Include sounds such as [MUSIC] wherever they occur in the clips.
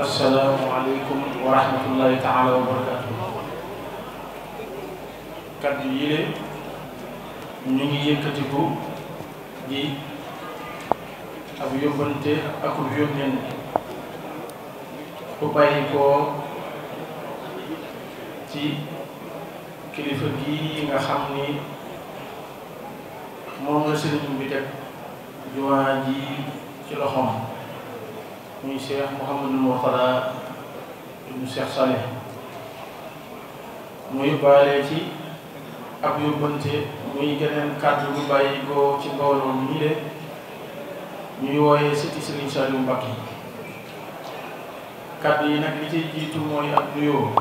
asalaamualeykum wa rahmatullahi taala wa barakaatu kaddu yi de ñu ngi yëkkatiku di ab yóbbante akub yónneen bu bàyyi koo ci kilifa gi nga xam ni moom la sëriñ bi teg jumaa ji ci loxoom muy Cheikh Mouhamadul Mourtada ibnu Cheikh Saleh muy baale ci ab yóbbante muy geneen kàddu bu bàyyi ko ci mbooloo ñi de ñuy wooyee siti Sëriñ Saliou Mbacké kàddu yi nag li ciy jiitu mooy ab nuyoo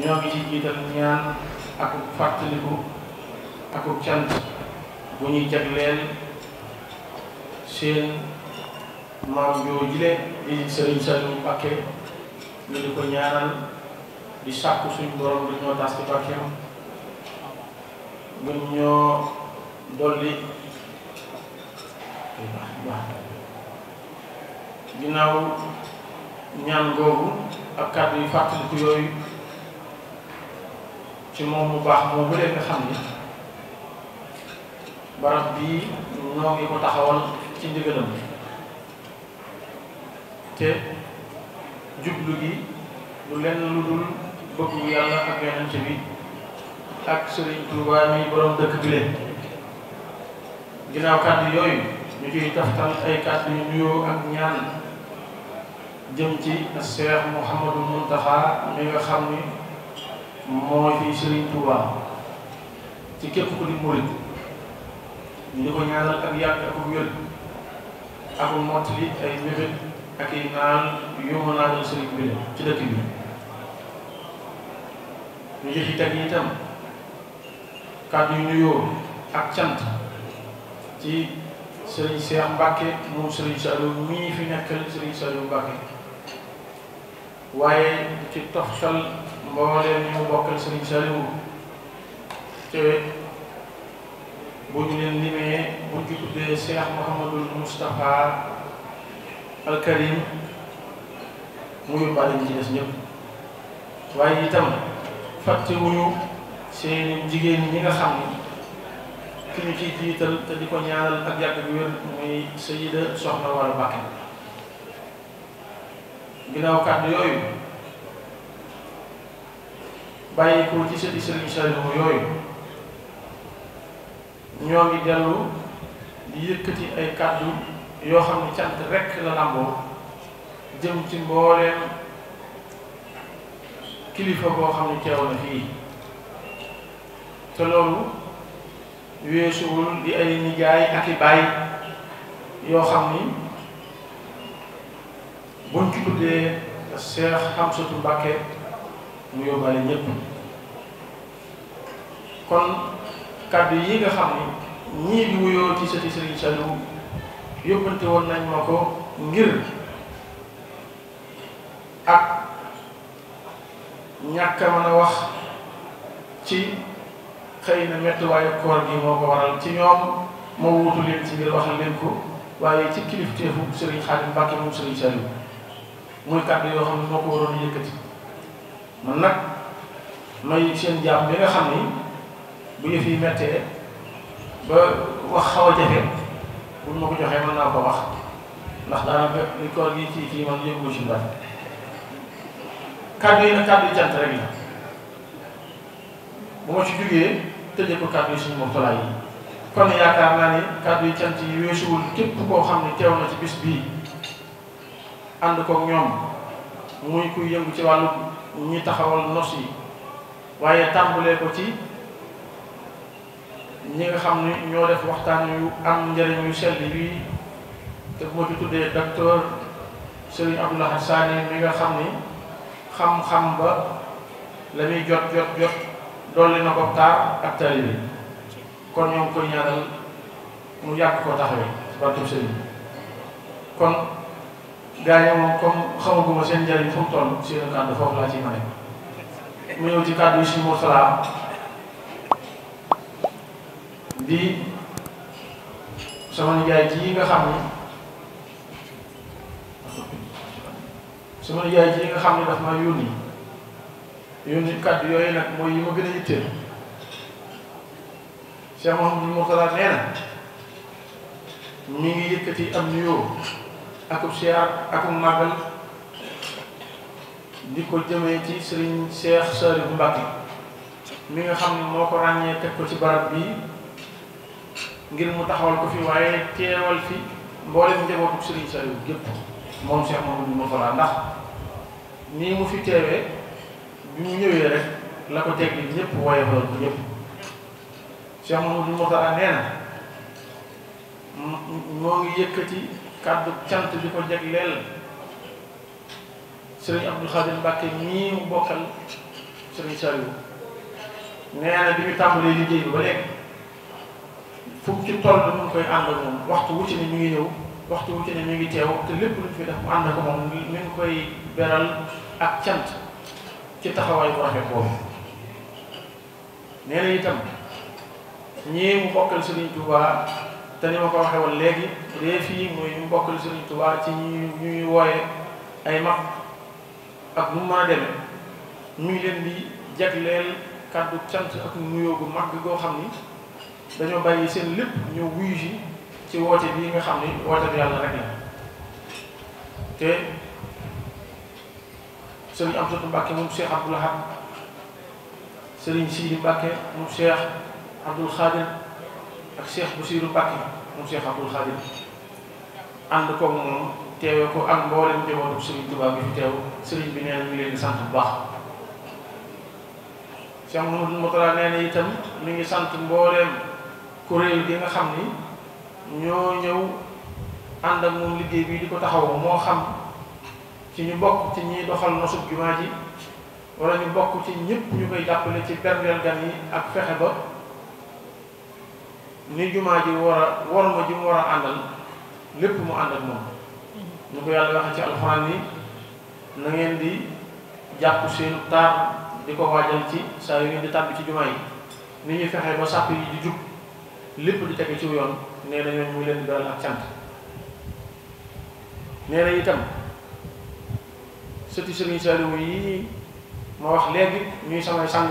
ñoo ngi ci jiital ñaan akub fàttaliku akub cant bu ñuy jagleel seen maam joo jile di Serigne Saliou Mbacké ñu di ko ñaanal di sàkku suñu borom bi ñoo tas ci barkeem bu ñoo dolli ginnaaw ñaan googu ak kàddu yu fàttaliku yooyu ci moom bu baax moo bu leen nga xam ni barab bii ñoo ko taxawal ci ndigalam te jublu gi lu lenn lu dul bëggu yàlla ak yonent bi ak Sëriñ Tuubaa mi borom dëkk bi leen ginnaaw kàddu yooyu ñu ciy taftal ay kàddu yu nuyoo ak ñaan jëm ci Cheikh Mouhamadou Mountakha mi nga xam ni moo fi Sëriñ Tuubaa ci képp ku di murit ñu di ko ñaanal ak yàgg ak wér akul mottali ay mébét ak i naan yomb naa doon sëriñ bi ci dëkk bi ñu yëg yi teg yi itam kàddu yu nuyoo ak cant ci sëriñ Cheikh Mbacke moom sëriñ Saliou mii fi nekkal sëriñ Saliou Mbacke waaye ci toftal mbooleem ñu bokkal sëriñ Saliou te bu ñu leen limee bu ñu tuddee Cheikh Mouhamadul Moustapha al Karim mu yóbbaale ñi ci des ñëpp waaye itam seen jigéen ñi nga xam ni ki ñu ciy jiital te di ko ñaanal ak yàgg bi wér muy Sayida Soxna Wala Bakke ginnaaw kàddu yooyu bàyyi ko ci sëti Sëriñ Saliou yooyu ñoo ngi dellu di yëkkati ay kàddu yoo xam ne cant rekk la jëm ci mbooleem kilifa boo xam ne teew na fii te loolu weesuwul di ay nijaay ak i baay yoo xam ni buñ ci tuddee Cheikh Mbàkke mu yóbbaale ñépp kon kàddu yi nga xam ni ñii di wuyoo ci sëti Sëriñ Saliou yóbbante woon nañ ma ko ngir ak ñàkk a a wax ci xëy na mettiwaayu koor gi moo ko waral ci ñoom moo wuutu leen ci ngir waxal leen ko waaye ci kilifteefu Sëriñ Xaadim Mbàkke moom Sëriñ Saliou muy kàddu yoo xam ne moo ko waroon yëkkati man nag may seen jaam bi nga xam ni bu yëf yi mettee ba wax xaw a jafe buñ ma ko joxee mën naa ko wax ndax daanaka li gi ci kii man yëngu ci ndax kàddu yi kàddu yi cant rek la ma ci jugee tëjee ko kàddu yi suñu kon yaakaar naa ni kàddu yi cant yi weesuwul képp koo xam ne teew na ci bis bii ànd koog ñoom muy kuy yëngu ci wàllu ñi taxawal nos yi waaye tàmbalee ko ci ñi nga xam ne ñoo def waxtaan yu am njëriñ yu sell yi te bu ma ci tuddee docteur Serigne Abdou Lahad mi nga xam ni xam-xam ba la muy jot jot jot dolli na ko taar ak tali bi kon ñoo ngi koy mu yàgg ko taxawee barkeb Serigne bi kon gaañoo moom comme xamaguma seen njëriñ fu mu toll seen kàddu foofu laa ci mane mu ñëw ci kàddu yi si Mourtala di sama nijaay ji nga xam ni sama nijaay ji nga xam ni daf ma yónni yónni kàddu yooyu nag mooy yi ma gën a yitteel Cheikh Mouhamadou Mourtada nee na mi ngi yëkkati am nuyoo akub di ko jëmee ci Serigne Cheikh Saliou Mbacké mi nga xam ne moo ko teg ko ci barab bii ngir mu taxawal ko fi waaye teewal fi mboolem njabootu Serigne Saliou gépp moom Cheikh Mamadou Mourtala ndax nii mu fi teewee bi mu ñëwee rek la ko teggi ñëpp waaye loolu ko ñëpp Cheikh Mamadou Mourtala nee na moo ngi cant di ko jagleel mu bokkal Serigne Saliou nee na tàmbalee liggéey bi ba léegi. fu mu ci toll dañu koy ànd moom waxtu wu ci ne mu ngi ñëw waxtu wu ci ngi teew te lépp luñ fi def mu ànd ak moom mi ngi koy beral ak cant ci taxawaay boobu. nee na itam ñii mu bokkal Serigne Touba te ni ma ko waxee woon léegi dee fii mooy ñu bokkal Serigne Touba ci ñi ñuy wooye ay max ak mu mën a demee ngi leen di jagleel kàddu cant ak nuyoo gu mag goo xam ni. dañoo bàyyi si lépp ñëw wuyu ji ci woote bii nga xam ni woote bi yàlla rek la te sëriñ Amsatu Mbàkke moom Cheikh Abdoul Ahad sëriñ Sidi Mbàkke moom Cheikh Abdoul Khadir ak Cheikh Basiru Mbàkke moom Cheikh Abdoul Khadir ànd koog moom ko ak mboolem njabootu sëriñ Tuubaa bi fi teew sëriñ bi nee na ñu leen di sant bu baax Cheikh Mouhamadou Moutala nee na itam mi ngi sant mbooleem kuréel gi nga xam ni ñoo ñëw ànd ak moom liggéey bi di ko taxaw moo xam ci ñu bokk ci ñiy doxal nosub jumaa ji wala ñu bokk ci ñëpp ñu koy jàppale ci berndeel gan yi ak fexe ba ni jumaa ji war a war ma ji mu war a àndal lépp mu ànd ak moom ñu ko yàlla waxee ci alxuraan ni na ngeen di jàpp seen taar di ko waajal ci saa yu ngeen di tàbbi ci jumaa yi ni ñuy fexe ba sàpp yi di jub lépp di tege ci yoon nee na ñoom mu leen di dalal ak cant nee na itam sëti sëriñ Saliou yi ma wax léegi ñuy samay sang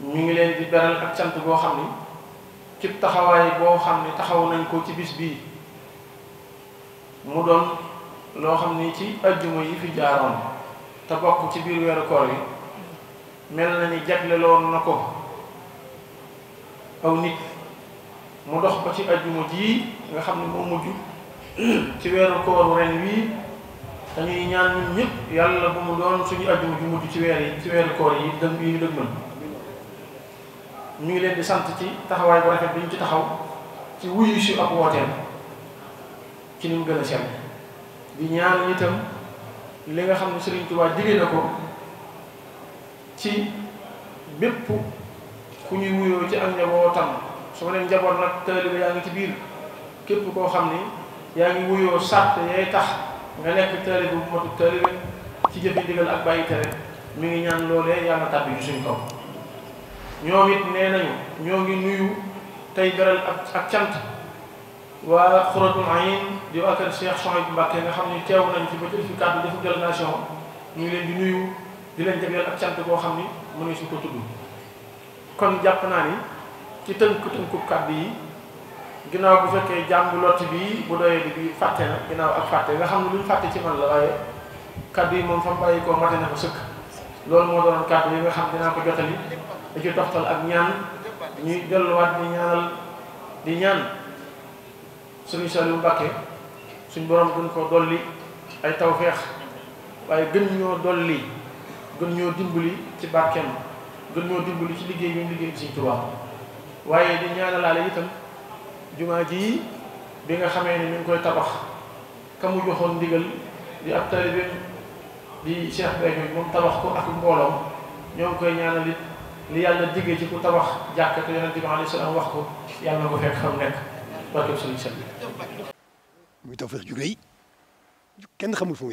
ñu ngi leen di beral ak cant boo xam ni ci taxawaay boo xam ni taxaw nañ ko ci bis bii mu doon loo xam ni ci ajjuma yi fi jaaroon te bokk ci biir weeru koor yi mel na ni jagleloon na ko aw nit mu dox ko ci ajjuma ji nga xam ne moo mujj [CLEARS THROAT] ci weeru kooru ren wii dañuy ñaan ñun ñëpp yàlla bu mu doon suñu ajjuma ju mujj ci weer yi ci weeru koor yi dëm yi ñu dëg mën ñu ngi leen di sant ci taxawaay bu rafet bi ñu ci taxaw ci wuyu si ak wooteem ci ni mu gën a sell di ñaan itam li nga xam ne Sëriñ Tuubaa digle na ko ci bépp ku ñuy wuyoo ci ak njabootam su ma nee njaboot nag taaliba yaa ngi ci biir képp koo xam ni yaa ngi wuyoo sàtt yay tax nga nekk taaliba bu matu taaliba ci jëfe ndigal ak bàyyi tere mu ngi ñaan loolee yàlla tàbbi ñu suñ kaw ñoom it nee nañu ñoo ngi nuyu tey beral ak ak cant waa xuratul ayin di waa kër Cheikh Sohaib Mbacke nga xam ni teew nañ ci ba ci fi kàddu dafa jël nation ñu ngi leen di nuyu di leen jagleel ak cant boo xam ni mënuñ si ko tudd kon jàpp naa ni ci tënku tënku kàddu yi ginnaaw bu fekkee jàngu lotti bii bu doyee bi fàtte na ginnaaw ak fàtte nga xam ne lu fàtte ci man la waaye kàddu yi moom fa mu bàyyi koo mate na ko sëkk loolu moo doon kàddu yi nga xam dinaa ko jotali da ci ak ñaan ñuy delluwaat di ñaanal di ñaan suñu Saliou Mbacké suñ borom gën ko dolli ay tawféex waaye gën ñoo dolli gën ñoo dimbali ci barkeem gën ñoo lu ci liggéey ñoom liggéey bi Sëriñ waaye di ñaanalaale itam jumaa ji bi nga xamee ne mi koy tabax ka mu joxoon ndigal di ab talibeem di Cheikh Béthio moom tabax ko ak mbooloom ñoo ngi koy ñaanal li yàlla diggee ci ku tabax jàkka te yonente bi xam nekk barkeb Sëriñ Sall muy tawfeex ju rëy kenn xamul fu mu